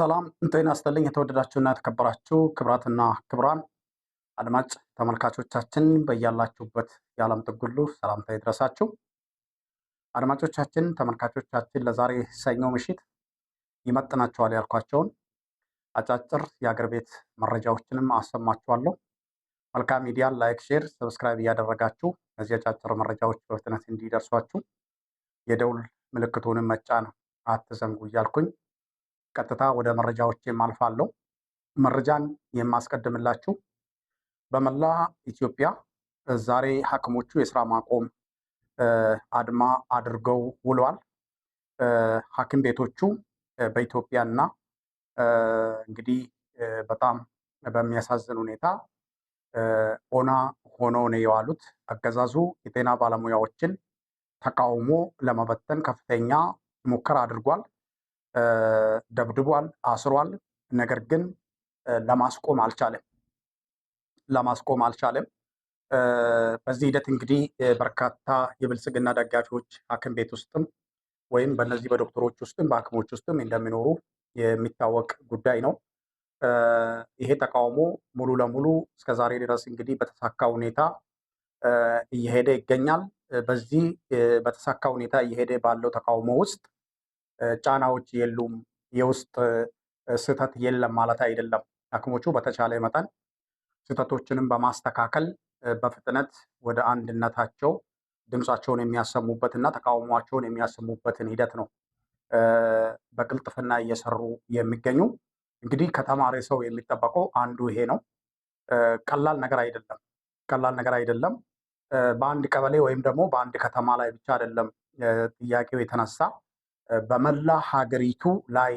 ሰላም ጤና ይስጥልኝ። የተወደዳችሁና የተከበራችሁ ክብራትና ክብራን አድማጭ ተመልካቾቻችን በያላችሁበት የዓለም ጥግ ሁሉ ሰላምታ ይድረሳችሁ። አድማጮቻችን፣ ተመልካቾቻችን ለዛሬ ሰኞ ምሽት ይመጥናቸዋል ያልኳቸውን አጫጭር የአገር ቤት መረጃዎችንም አሰማችኋለሁ። መልካም ሚዲያን ላይክ፣ ሼር፣ ሰብስክራይብ እያደረጋችሁ እነዚህ አጫጭር መረጃዎች በፍጥነት እንዲደርሷችሁ የደውል ምልክቱንም መጫን አትዘንጉ እያልኩኝ ቀጥታ ወደ መረጃዎች የማልፋለው መረጃን የማስቀድምላችሁ በመላ ኢትዮጵያ ዛሬ ሐኪሞቹ የስራ ማቆም አድማ አድርገው ውለዋል። ሐኪም ቤቶቹ በኢትዮጵያና እንግዲህ በጣም በሚያሳዝን ሁኔታ ኦና ሆነው ነው የዋሉት። አገዛዙ የጤና ባለሙያዎችን ተቃውሞ ለመበተን ከፍተኛ ሙከራ አድርጓል። ደብድቧል፣ አስሯል። ነገር ግን ለማስቆም አልቻለም ለማስቆም አልቻለም። በዚህ ሂደት እንግዲህ በርካታ የብልጽግና ደጋፊዎች ሐኪም ቤት ውስጥም ወይም በነዚህ በዶክተሮች ውስጥም በሐኪሞች ውስጥም እንደሚኖሩ የሚታወቅ ጉዳይ ነው። ይሄ ተቃውሞ ሙሉ ለሙሉ እስከ ዛሬ ድረስ እንግዲህ በተሳካ ሁኔታ እየሄደ ይገኛል። በዚህ በተሳካ ሁኔታ እየሄደ ባለው ተቃውሞ ውስጥ ጫናዎች የሉም፣ የውስጥ ስህተት የለም ማለት አይደለም። ሐኪሞቹ በተቻለ መጠን ስህተቶችንም በማስተካከል በፍጥነት ወደ አንድነታቸው ድምፃቸውን የሚያሰሙበትና ተቃውሟቸውን የሚያሰሙበትን ሂደት ነው በቅልጥፍና እየሰሩ የሚገኙ። እንግዲህ ከተማሪ ሰው የሚጠበቀው አንዱ ይሄ ነው። ቀላል ነገር አይደለም። ቀላል ነገር አይደለም። በአንድ ቀበሌ ወይም ደግሞ በአንድ ከተማ ላይ ብቻ አይደለም ጥያቄው የተነሳ በመላ ሀገሪቱ ላይ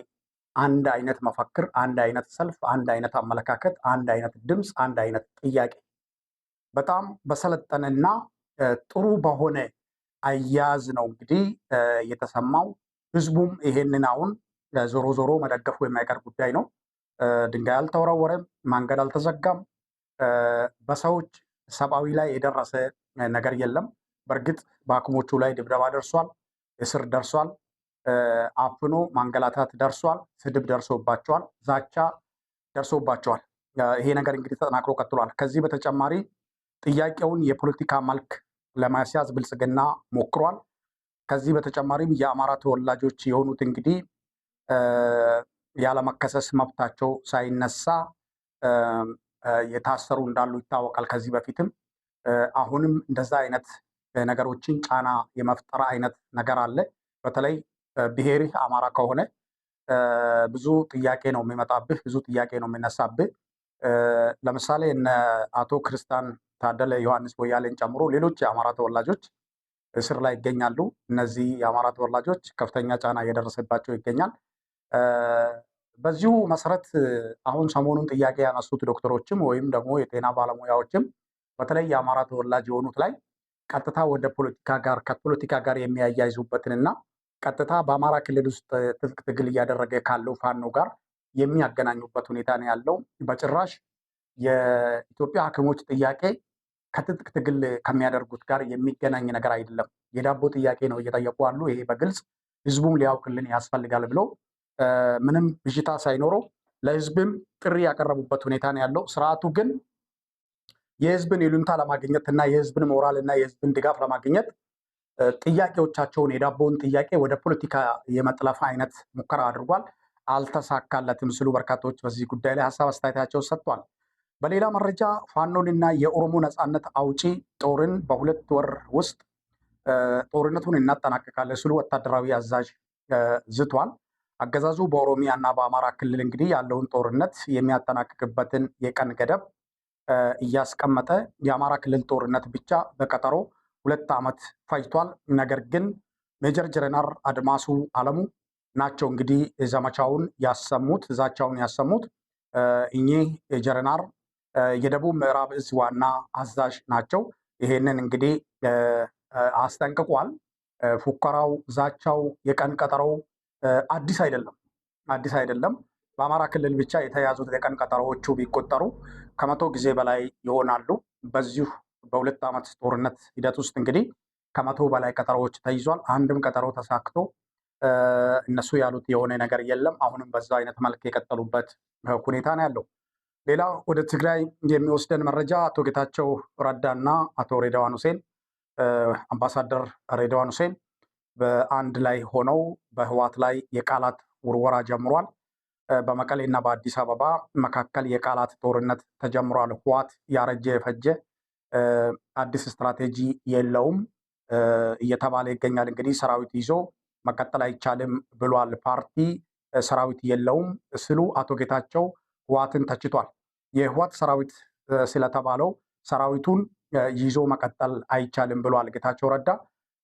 አንድ አይነት መፈክር፣ አንድ አይነት ሰልፍ፣ አንድ አይነት አመለካከት፣ አንድ አይነት ድምፅ፣ አንድ አይነት ጥያቄ በጣም በሰለጠነና ጥሩ በሆነ አያያዝ ነው እንግዲህ የተሰማው። ህዝቡም ይሄንን አሁን ዞሮ ዞሮ መደገፉ የማይቀር ጉዳይ ነው። ድንጋይ አልተወረወረም፣ መንገድ አልተዘጋም፣ በሰዎች ሰብአዊ ላይ የደረሰ ነገር የለም። በእርግጥ በሐኪሞቹ ላይ ድብደባ ደርሷል፣ እስር ደርሷል፣ አፍኖ ማንገላታት ደርሷል። ስድብ ደርሶባቸዋል። ዛቻ ደርሶባቸዋል። ይሄ ነገር እንግዲህ ተጠናክሮ ቀጥሏል። ከዚህ በተጨማሪ ጥያቄውን የፖለቲካ መልክ ለማስያዝ ብልጽግና ሞክሯል። ከዚህ በተጨማሪም የአማራ ተወላጆች የሆኑት እንግዲህ ያለመከሰስ መብታቸው ሳይነሳ የታሰሩ እንዳሉ ይታወቃል። ከዚህ በፊትም አሁንም እንደዛ አይነት ነገሮችን ጫና የመፍጠር አይነት ነገር አለ። በተለይ ብሄሪ አማራ ከሆነ ብዙ ጥያቄ ነው የሚመጣብህ፣ ብዙ ጥያቄ ነው የሚነሳብህ። ለምሳሌ እነ አቶ ክርስቲያን ታደለ ዮሐንስ ቦያሌን ጨምሮ ሌሎች የአማራ ተወላጆች እስር ላይ ይገኛሉ። እነዚህ የአማራ ተወላጆች ከፍተኛ ጫና እየደረሰባቸው ይገኛል። በዚሁ መሰረት አሁን ሰሞኑን ጥያቄ ያነሱት ዶክተሮችም ወይም ደግሞ የጤና ባለሙያዎችም በተለይ የአማራ ተወላጅ የሆኑት ላይ ቀጥታ ወደ ፖለቲካ ጋር ከፖለቲካ ጋር የሚያያይዙበትንና ቀጥታ በአማራ ክልል ውስጥ ትጥቅ ትግል እያደረገ ካለው ፋኖ ጋር የሚያገናኙበት ሁኔታ ነው ያለው። በጭራሽ የኢትዮጵያ ሐኪሞች ጥያቄ ከትጥቅ ትግል ከሚያደርጉት ጋር የሚገናኝ ነገር አይደለም። የዳቦ ጥያቄ ነው እየጠየቁ አሉ። ይሄ በግልጽ ህዝቡም ሊያውቅልን ያስፈልጋል ብሎ ምንም ብዥታ ሳይኖረው ለህዝብም ጥሪ ያቀረቡበት ሁኔታ ነው ያለው። ስርዓቱ ግን የህዝብን ይሉንታ ለማግኘት እና የህዝብን ሞራል እና የህዝብን ድጋፍ ለማግኘት ጥያቄዎቻቸውን የዳቦውን ጥያቄ ወደ ፖለቲካ የመጥለፍ አይነት ሙከራ አድርጓል። አልተሳካለትም ሲሉ በርካታዎች በዚህ ጉዳይ ላይ ሀሳብ አስተያየታቸው ሰጥቷል። በሌላ መረጃ ፋኖንና የኦሮሞ ነፃነት አውጪ ጦርን በሁለት ወር ውስጥ ጦርነቱን እናጠናቅቃለ ሲሉ ወታደራዊ አዛዥ ዝቷል። አገዛዙ በኦሮሚያ እና በአማራ ክልል እንግዲህ ያለውን ጦርነት የሚያጠናቅቅበትን የቀን ገደብ እያስቀመጠ የአማራ ክልል ጦርነት ብቻ በቀጠሮ ሁለት ዓመት ፈጅቷል። ነገር ግን ሜጀር ጀነራል አድማሱ አለሙ ናቸው እንግዲህ ዘመቻውን ያሰሙት ዛቻውን ያሰሙት። እኚህ ጀነራል የደቡብ ምዕራብ እዝ ዋና አዛዥ ናቸው። ይሄንን እንግዲህ አስጠንቅቋል። ፉከራው፣ ዛቻው፣ የቀን ቀጠሮው አዲስ አይደለም አዲስ አይደለም። በአማራ ክልል ብቻ የተያዙት የቀን ቀጠሮዎቹ ቢቆጠሩ ከመቶ ጊዜ በላይ ይሆናሉ። በዚሁ በሁለት ዓመት ጦርነት ሂደት ውስጥ እንግዲህ ከመቶ በላይ ቀጠሮዎች ተይዟል። አንድም ቀጠሮ ተሳክቶ እነሱ ያሉት የሆነ ነገር የለም። አሁንም በዛ አይነት መልክ የቀጠሉበት ሁኔታ ነው ያለው። ሌላ ወደ ትግራይ የሚወስደን መረጃ አቶ ጌታቸው ረዳ እና አቶ ሬድዋን ሁሴን አምባሳደር ሬድዋን ሁሴን በአንድ ላይ ሆነው በህዋት ላይ የቃላት ውርወራ ጀምሯል። በመቀሌ እና በአዲስ አበባ መካከል የቃላት ጦርነት ተጀምሯል። ህዋት ያረጀ የፈጀ አዲስ ስትራቴጂ የለውም እየተባለ ይገኛል። እንግዲህ ሰራዊት ይዞ መቀጠል አይቻልም ብሏል። ፓርቲ ሰራዊት የለውም ስሉ አቶ ጌታቸው ህዋትን ተችቷል። የህዋት ሰራዊት ስለተባለው ሰራዊቱን ይዞ መቀጠል አይቻልም ብሏል ጌታቸው ረዳ።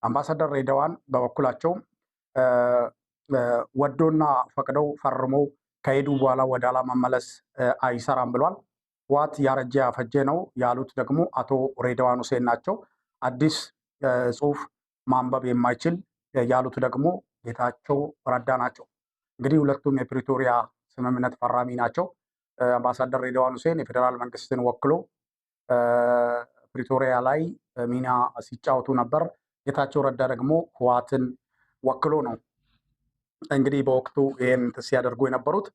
አምባሳደር ሬደዋን በበኩላቸው ወዶና ፈቅደው ፈርሞ ከሄዱ በኋላ ወደ ኋላ መመለስ አይሰራም ብሏል። ዋት ያረጀ ያፈጀ ነው ያሉት ደግሞ አቶ ሬድዋን ሁሴን ናቸው። አዲስ ጽሁፍ ማንበብ የማይችል ያሉት ደግሞ ጌታቸው ረዳ ናቸው። እንግዲህ ሁለቱም የፕሪቶሪያ ስምምነት ፈራሚ ናቸው። አምባሳደር ሬድዋን ሁሴን የፌዴራል መንግስትን ወክሎ ፕሪቶሪያ ላይ ሚና ሲጫወቱ ነበር። ጌታቸው ረዳ ደግሞ ህዋትን ወክሎ ነው እንግዲህ በወቅቱ ይህን ሲያደርጉ የነበሩት።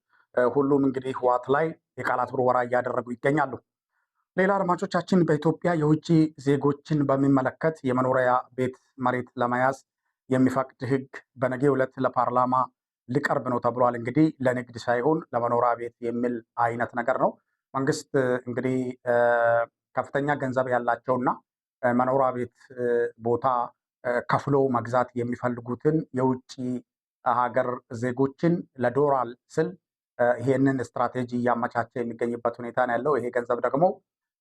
ሁሉም እንግዲህ ህዋት ላይ የቃላት ውርወራ እያደረጉ ይገኛሉ። ሌላ አድማጮቻችን፣ በኢትዮጵያ የውጭ ዜጎችን በሚመለከት የመኖሪያ ቤት መሬት ለመያዝ የሚፈቅድ ህግ በነገ ዕለት ለፓርላማ ሊቀርብ ነው ተብሏል። እንግዲህ ለንግድ ሳይሆን ለመኖሪያ ቤት የሚል አይነት ነገር ነው። መንግስት እንግዲህ ከፍተኛ ገንዘብ ያላቸውና መኖሪያ ቤት ቦታ ከፍሎ መግዛት የሚፈልጉትን የውጭ ሀገር ዜጎችን ለዶላር ስል ይሄንን ስትራቴጂ እያመቻቸ የሚገኝበት ሁኔታ ነው ያለው። ይሄ ገንዘብ ደግሞ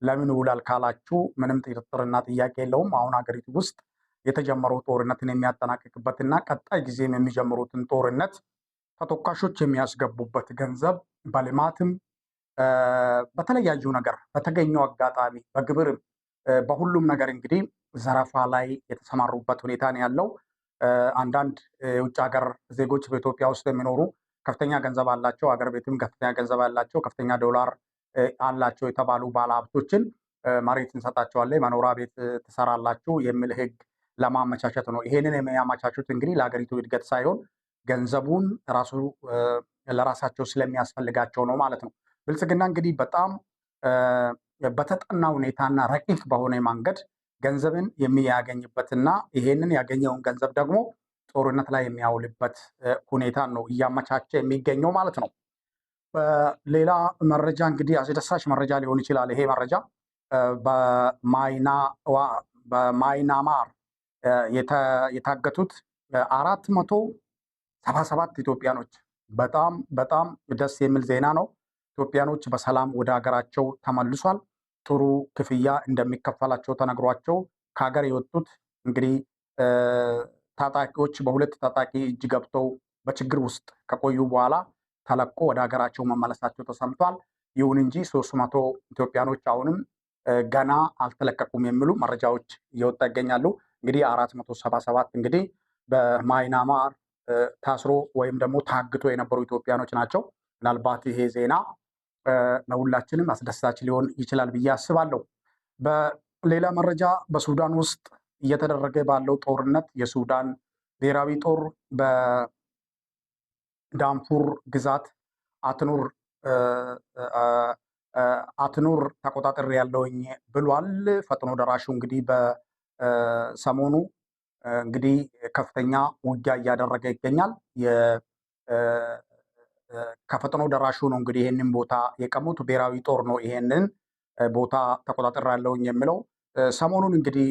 ለምን ውላል ካላችሁ ምንም ጥርጥርና ጥያቄ የለውም። አሁን ሀገሪቱ ውስጥ የተጀመረው ጦርነትን የሚያጠናቅቅበትና ቀጣይ ጊዜም የሚጀምሩትን ጦርነት ተቶካሾች የሚያስገቡበት ገንዘብ በልማትም በተለያዩ ነገር በተገኘው አጋጣሚ በግብርም በሁሉም ነገር እንግዲህ ዘረፋ ላይ የተሰማሩበት ሁኔታ ነው ያለው። አንዳንድ የውጭ ሀገር ዜጎች በኢትዮጵያ ውስጥ የሚኖሩ ከፍተኛ ገንዘብ አላቸው፣ አገር ቤትም ከፍተኛ ገንዘብ አላቸው፣ ከፍተኛ ዶላር አላቸው የተባሉ ባለሀብቶችን መሬት እንሰጣቸዋለን፣ መኖሪያ ቤት ትሰራላችሁ የሚል ህግ ለማመቻቸት ነው። ይሄንን የሚያመቻቹት እንግዲህ ለሀገሪቱ እድገት ሳይሆን ገንዘቡን ራሱ ለራሳቸው ስለሚያስፈልጋቸው ነው ማለት ነው። ብልጽግና እንግዲህ በጣም በተጠና ሁኔታና ረቂቅ በሆነ መንገድ ገንዘብን የሚያገኝበትና ይሄንን ያገኘውን ገንዘብ ደግሞ ጦርነት ላይ የሚያውልበት ሁኔታ ነው እያመቻቸ የሚገኘው ማለት ነው። ሌላ መረጃ እንግዲህ አስደሳች መረጃ ሊሆን ይችላል። ይሄ መረጃ በማይናማር የታገቱት አራት መቶ ሰባ ሰባት ኢትዮጵያኖች በጣም በጣም ደስ የሚል ዜና ነው። ኢትዮጵያኖች በሰላም ወደ ሀገራቸው ተመልሷል። ጥሩ ክፍያ እንደሚከፈላቸው ተነግሯቸው ከሀገር የወጡት እንግዲህ ታጣቂዎች በሁለት ታጣቂ እጅ ገብተው በችግር ውስጥ ከቆዩ በኋላ ተለቆ ወደ ሀገራቸው መመለሳቸው ተሰምቷል። ይሁን እንጂ ሶስት መቶ ኢትዮጵያኖች አሁንም ገና አልተለቀቁም የሚሉ መረጃዎች እየወጣ ይገኛሉ። እንግዲህ አራት መቶ ሰባ ሰባት እንግዲህ በማይናማር ታስሮ ወይም ደግሞ ታግቶ የነበሩ ኢትዮጵያኖች ናቸው። ምናልባት ይሄ ዜና ለሁላችንም አስደሳች ሊሆን ይችላል ብዬ አስባለሁ። በሌላ መረጃ በሱዳን ውስጥ እየተደረገ ባለው ጦርነት የሱዳን ብሔራዊ ጦር በዳንፉር ግዛት አትኑር አትኑር ተቆጣጠር ያለውኝ ብሏል። ፈጥኖ ደራሹ እንግዲህ በሰሞኑ እንግዲህ ከፍተኛ ውጊያ እያደረገ ይገኛል። ከፈጥኖ ደራሹ ነው እንግዲህ ይህንን ቦታ የቀሙት። ብሔራዊ ጦር ነው ይሄንን ቦታ ተቆጣጠር ያለውኝ የምለው ሰሞኑን እንግዲህ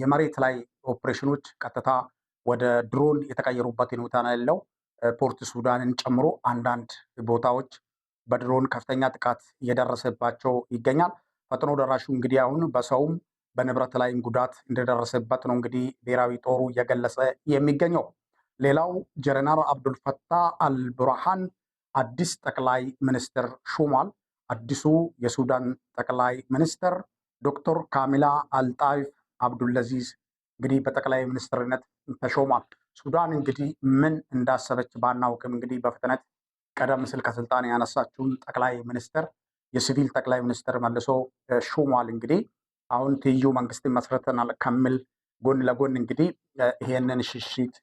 የመሬት ላይ ኦፕሬሽኖች ቀጥታ ወደ ድሮን የተቀየሩበት ሁኔታ ነው ያለው። ፖርት ሱዳንን ጨምሮ አንዳንድ ቦታዎች በድሮን ከፍተኛ ጥቃት እየደረሰባቸው ይገኛል። ፈጥኖ ደራሹ እንግዲህ አሁን በሰውም በንብረት ላይም ጉዳት እንደደረሰበት ነው እንግዲህ ብሔራዊ ጦሩ እየገለጸ የሚገኘው። ሌላው ጀነራል አብዱልፈታ አልብርሃን አዲስ ጠቅላይ ሚኒስትር ሹሟል። አዲሱ የሱዳን ጠቅላይ ሚኒስትር ዶክተር ካሚላ አልጣይፍ አብዱልአዚዝ እንግዲህ በጠቅላይ ሚኒስትርነት ተሾሟል። ሱዳን እንግዲህ ምን እንዳሰበች ባናውቅም እንግዲህ በፍጥነት ቀደም ሲል ከስልጣን ያነሳችውን ጠቅላይ ሚኒስትር የሲቪል ጠቅላይ ሚኒስትር መልሶ ሹሟል። እንግዲህ አሁን ትይዩ መንግስትን መስርተናል ከሚል ጎን ለጎን እንግዲህ ይሄንን ሽሽት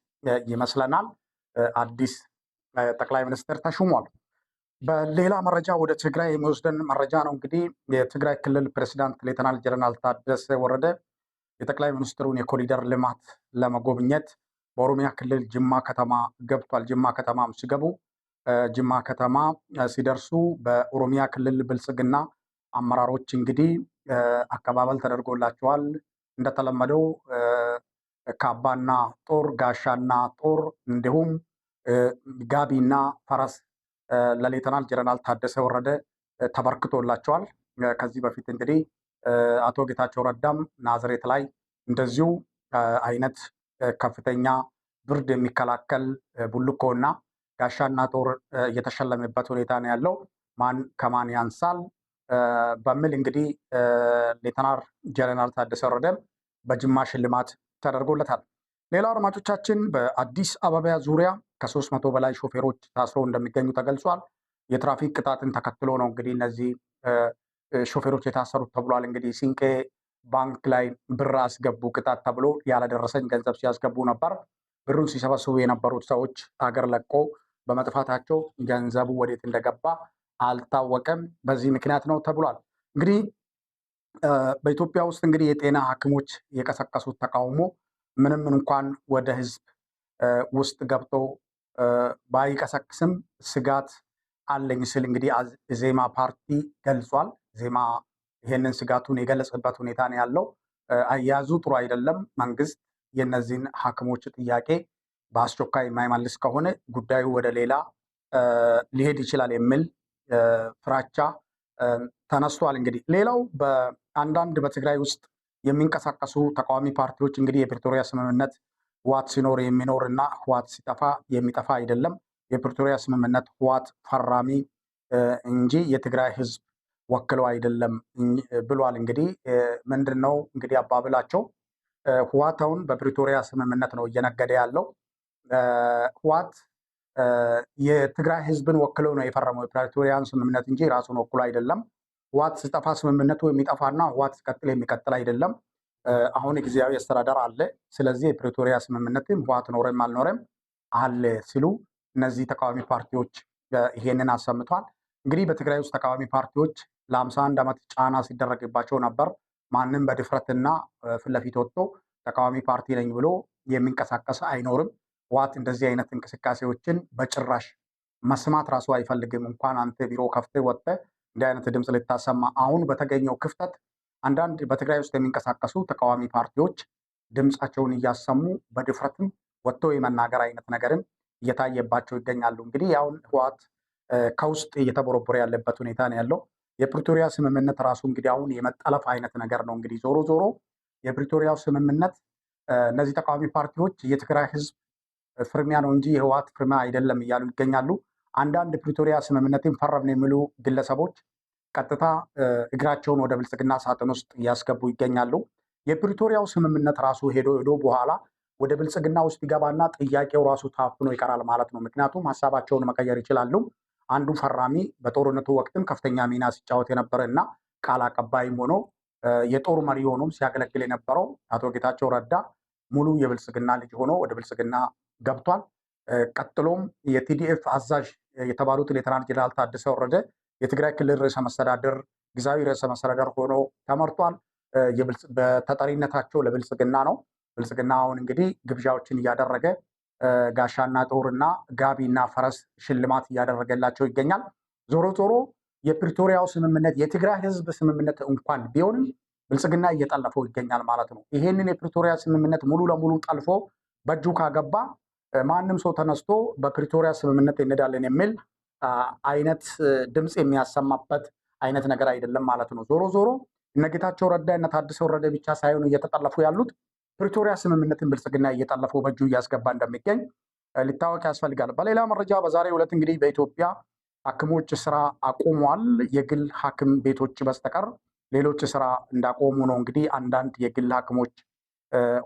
ይመስለናል አዲስ ጠቅላይ ሚኒስትር ተሹሟል። በሌላ መረጃ ወደ ትግራይ የሚወስደን መረጃ ነው። እንግዲህ የትግራይ ክልል ፕሬዚዳንት ሌተናል ጀነራል ታደሰ ወረደ የጠቅላይ ሚኒስትሩን የኮሪደር ልማት ለመጎብኘት በኦሮሚያ ክልል ጅማ ከተማ ገብቷል። ጅማ ከተማም ሲገቡ ጅማ ከተማ ሲደርሱ በኦሮሚያ ክልል ብልጽግና አመራሮች እንግዲህ አቀባበል ተደርጎላቸዋል። እንደተለመደው ካባና ጦር፣ ጋሻና ጦር እንዲሁም ጋቢና ፈረስ ለሌተናል ጀነራል ታደሰ ወረደ ተበርክቶላቸዋል። ከዚህ በፊት እንግዲህ አቶ ጌታቸው ረዳም ናዝሬት ላይ እንደዚሁ አይነት ከፍተኛ ብርድ የሚከላከል ቡልኮ እና ጋሻና ጦር እየተሸለመበት ሁኔታ ነው ያለው። ማን ከማን ያንሳል በሚል እንግዲህ ሌተናር ጀነራል ታደሰ ወረደ በጅማ ሽልማት ተደርጎለታል። ሌላው አድማጮቻችን በአዲስ አበባ ዙሪያ ከሶስት መቶ በላይ ሾፌሮች ታስረው እንደሚገኙ ተገልጿል። የትራፊክ ቅጣትን ተከትሎ ነው እንግዲህ እነዚህ ሾፌሮች የታሰሩት ተብሏል። እንግዲህ ሲንቄ ባንክ ላይ ብር አስገቡ ቅጣት ተብሎ ያለደረሰኝ ገንዘብ ሲያስገቡ ነበር። ብሩን ሲሰበስቡ የነበሩት ሰዎች አገር ለቆ በመጥፋታቸው ገንዘቡ ወዴት እንደገባ አልታወቀም። በዚህ ምክንያት ነው ተብሏል። እንግዲህ በኢትዮጵያ ውስጥ እንግዲህ የጤና ሐኪሞች የቀሰቀሱት ተቃውሞ ምንም እንኳን ወደ ህዝብ ውስጥ ገብቶ ባይቀሰቅስም ስጋት አለኝ ስል እንግዲህ ዜማ ፓርቲ ገልጿል። ዜማ ይሄንን ስጋቱን የገለጸበት ሁኔታ ነው ያለው። አያያዙ ጥሩ አይደለም። መንግስት የእነዚህን ሐኪሞች ጥያቄ በአስቸኳይ የማይመልስ ከሆነ ጉዳዩ ወደ ሌላ ሊሄድ ይችላል የሚል ፍራቻ ተነስቷል። እንግዲህ ሌላው በአንዳንድ በትግራይ ውስጥ የሚንቀሳቀሱ ተቃዋሚ ፓርቲዎች እንግዲህ የፕሪቶሪያ ስምምነት ህዋት ሲኖር የሚኖር እና ህዋት ሲጠፋ የሚጠፋ አይደለም። የፕሪቶሪያ ስምምነት ህዋት ፈራሚ እንጂ የትግራይ ህዝብ ወክሎ አይደለም ብሏል። እንግዲህ ምንድን ነው እንግዲህ አባብላቸው ህዋታውን በፕሪቶሪያ ስምምነት ነው እየነገደ ያለው። ህዋት የትግራይ ህዝብን ወክሎ ነው የፈረመው የፕሪቶሪያን ስምምነት እንጂ ራሱን ወክሎ አይደለም። ህዋት ስጠፋ ስምምነቱ የሚጠፋና ህዋት ሲቀጥል የሚቀጥል አይደለም። አሁን ጊዜያዊ አስተዳደር አለ። ስለዚህ የፕሪቶሪያ ስምምነትም ህዋት ኖረም አልኖረም አለ ሲሉ እነዚህ ተቃዋሚ ፓርቲዎች ይሄንን አሰምቷል። እንግዲህ በትግራይ ውስጥ ተቃዋሚ ፓርቲዎች ለ51 ዓመት ጫና ሲደረግባቸው ነበር። ማንም በድፍረትና ፊት ለፊት ወጥቶ ተቃዋሚ ፓርቲ ነኝ ብሎ የሚንቀሳቀስ አይኖርም። ህወሓት እንደዚህ አይነት እንቅስቃሴዎችን በጭራሽ መስማት ራሱ አይፈልግም። እንኳን አንተ ቢሮ ከፍተህ ወጥተህ እንዲህ አይነት ድምፅ ልታሰማ። አሁን በተገኘው ክፍተት አንዳንድ በትግራይ ውስጥ የሚንቀሳቀሱ ተቃዋሚ ፓርቲዎች ድምፃቸውን እያሰሙ በድፍረትም ወጥተው የመናገር አይነት ነገርም እየታየባቸው ይገኛሉ። እንግዲህ ያሁን ህወሓት ከውስጥ እየተቦረቦረ ያለበት ሁኔታ ነው ያለው። የፕሪቶሪያ ስምምነት ራሱ እንግዲህ አሁን የመጠለፍ አይነት ነገር ነው። እንግዲህ ዞሮ ዞሮ የፕሪቶሪያው ስምምነት እነዚህ ተቃዋሚ ፓርቲዎች የትግራይ ህዝብ ፍርሚያ ነው እንጂ የህወሓት ፍርሚያ አይደለም እያሉ ይገኛሉ። አንዳንድ ፕሪቶሪያ ስምምነትን ፈረምን የሚሉ ግለሰቦች ቀጥታ እግራቸውን ወደ ብልጽግና ሳጥን ውስጥ እያስገቡ ይገኛሉ። የፕሪቶሪያው ስምምነት ራሱ ሄዶ ሄዶ በኋላ ወደ ብልጽግና ውስጥ ይገባና ጥያቄው ራሱ ታፍኖ ይቀራል ማለት ነው። ምክንያቱም ሀሳባቸውን መቀየር ይችላሉ። አንዱ ፈራሚ በጦርነቱ ወቅትም ከፍተኛ ሚና ሲጫወት የነበረ እና ቃል አቀባይም ሆኖ የጦር መሪ ሆኖም ሲያገለግል የነበረው አቶ ጌታቸው ረዳ ሙሉ የብልጽግና ልጅ ሆኖ ወደ ብልጽግና ገብቷል። ቀጥሎም የቲዲኤፍ አዛዥ የተባሉት ሌተናንት ጄኔራል ታደሰ ወረደ የትግራይ ክልል ርዕሰ መስተዳደር ጊዜያዊ ርዕሰ መስተዳደር ሆኖ ተመርቷል። በተጠሪነታቸው ለብልጽግና ነው። ብልጽግና አሁን እንግዲህ ግብዣዎችን እያደረገ ጋሻና ጦርና ጋቢና ፈረስ ሽልማት እያደረገላቸው ይገኛል። ዞሮ ዞሮ የፕሪቶሪያው ስምምነት የትግራይ ህዝብ ስምምነት እንኳን ቢሆንም ብልጽግና እየጠለፈው ይገኛል ማለት ነው። ይሄንን የፕሪቶሪያ ስምምነት ሙሉ ለሙሉ ጠልፎ በእጁ ካገባ ማንም ሰው ተነስቶ በፕሪቶሪያ ስምምነት እንዳለን የሚል አይነት ድምፅ የሚያሰማበት አይነት ነገር አይደለም ማለት ነው። ዞሮ ዞሮ እነ ጌታቸው ረዳ እነ ታደሰ ወረደ ብቻ ሳይሆኑ እየተጠለፉ ያሉት ፕሪቶሪያ ስምምነትን ብልጽግና እየጠለፈው በእጁ እያስገባ እንደሚገኝ ሊታወቅ ያስፈልጋል። በሌላ መረጃ በዛሬ ዕለት እንግዲህ በኢትዮጵያ ሐኪሞች ስራ አቁሟል። የግል ሐኪም ቤቶች በስተቀር ሌሎች ስራ እንዳቆሙ ነው። እንግዲህ አንዳንድ የግል ሐኪሞች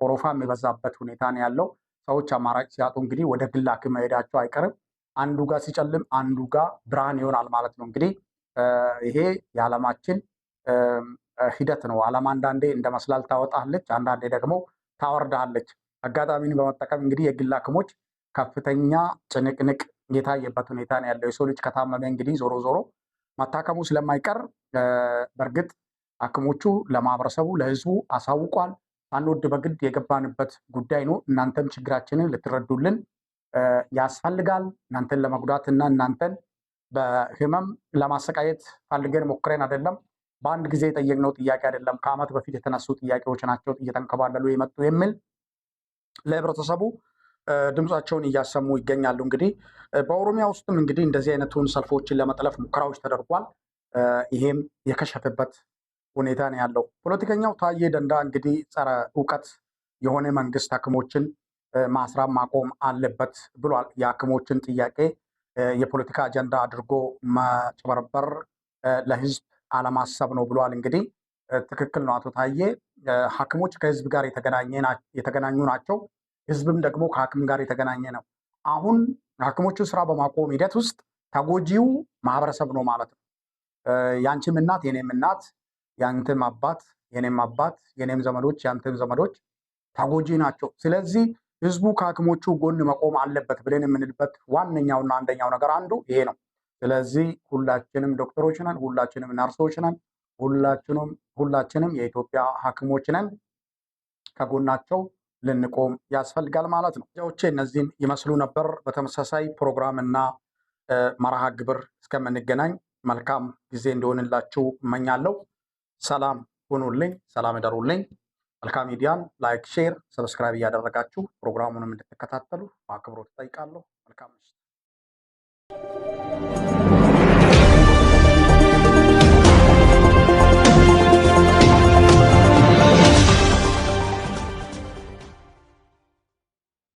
ኦሮፋ የሚበዛበት ሁኔታ ነው ያለው። ሰዎች አማራጭ ሲያጡ እንግዲህ ወደ ግል ሐኪም መሄዳቸው አይቀርም። አንዱ ጋር ሲጨልም፣ አንዱ ጋር ብርሃን ይሆናል ማለት ነው። እንግዲህ ይሄ የዓለማችን ሂደት ነው። ዓለም አንዳንዴ እንደ መስላል ታወጣለች፣ አንዳንዴ ደግሞ ታወርዳለች። አጋጣሚን በመጠቀም እንግዲህ የግል ሐኪሞች ከፍተኛ ጭንቅንቅ የታየበት ሁኔታ ነው ያለው። የሰው ልጅ ከታመመ እንግዲህ ዞሮ ዞሮ መታከሙ ስለማይቀር በእርግጥ ሐኪሞቹ ለማህበረሰቡ ለህዝቡ አሳውቋል። አንድ በግድ የገባንበት ጉዳይ ነው። እናንተም ችግራችንን ልትረዱልን ያስፈልጋል። እናንተን ለመጉዳት እና እናንተን በህመም ለማሰቃየት ፈልገን ሞክረን አይደለም። በአንድ ጊዜ የጠየቅነው ጥያቄ አይደለም፣ ከዓመት በፊት የተነሱ ጥያቄዎች ናቸው እየተንከባለሉ የመጡ የሚል ለህብረተሰቡ ድምጻቸውን እያሰሙ ይገኛሉ። እንግዲህ በኦሮሚያ ውስጥም እንግዲህ እንደዚህ አይነቱን ሰልፎችን ለመጥለፍ ሙከራዎች ተደርጓል። ይሄም የከሸፈበት ሁኔታ ነው ያለው። ፖለቲከኛው ታዬ ደንዳ እንግዲህ ጸረ እውቀት የሆነ መንግስት ሐኪሞችን ማስራብ ማቆም አለበት ብሏል። የሐኪሞችን ጥያቄ የፖለቲካ አጀንዳ አድርጎ መጭበርበር ለህዝብ አለማሰብ ነው ብሏል። እንግዲህ ትክክል ነው አቶ ታዬ። ሐኪሞች ከህዝብ ጋር የተገናኙ ናቸው፣ ህዝብም ደግሞ ከሐኪም ጋር የተገናኘ ነው። አሁን ሐኪሞቹ ስራ በማቆም ሂደት ውስጥ ተጎጂው ማህበረሰብ ነው ማለት ነው። የአንቺም እናት የኔም እናት፣ የአንተም አባት የኔም አባት፣ የኔም ዘመዶች የአንተም ዘመዶች ተጎጂ ናቸው። ስለዚህ ህዝቡ ከሐኪሞቹ ጎን መቆም አለበት ብለን የምንልበት ዋነኛውና አንደኛው ነገር አንዱ ይሄ ነው። ስለዚህ ሁላችንም ዶክተሮች ነን፣ ሁላችንም ነርሶች ነን፣ ሁላችንም ሁላችንም የኢትዮጵያ ሐኪሞች ነን። ከጎናቸው ልንቆም ያስፈልጋል ማለት ነው። ጃዎቼ እነዚህን ይመስሉ ነበር። በተመሳሳይ ፕሮግራም እና መርሃ ግብር እስከምንገናኝ መልካም ጊዜ እንደሆንላችሁ እመኛለሁ። ሰላም ሁኑልኝ፣ ሰላም ይደሩልኝ። መልካም ሚዲያን ላይክ፣ ሼር፣ ሰብስክራይብ እያደረጋችሁ ፕሮግራሙንም እንድትከታተሉ በአክብሮት እጠይቃለሁ። መልካም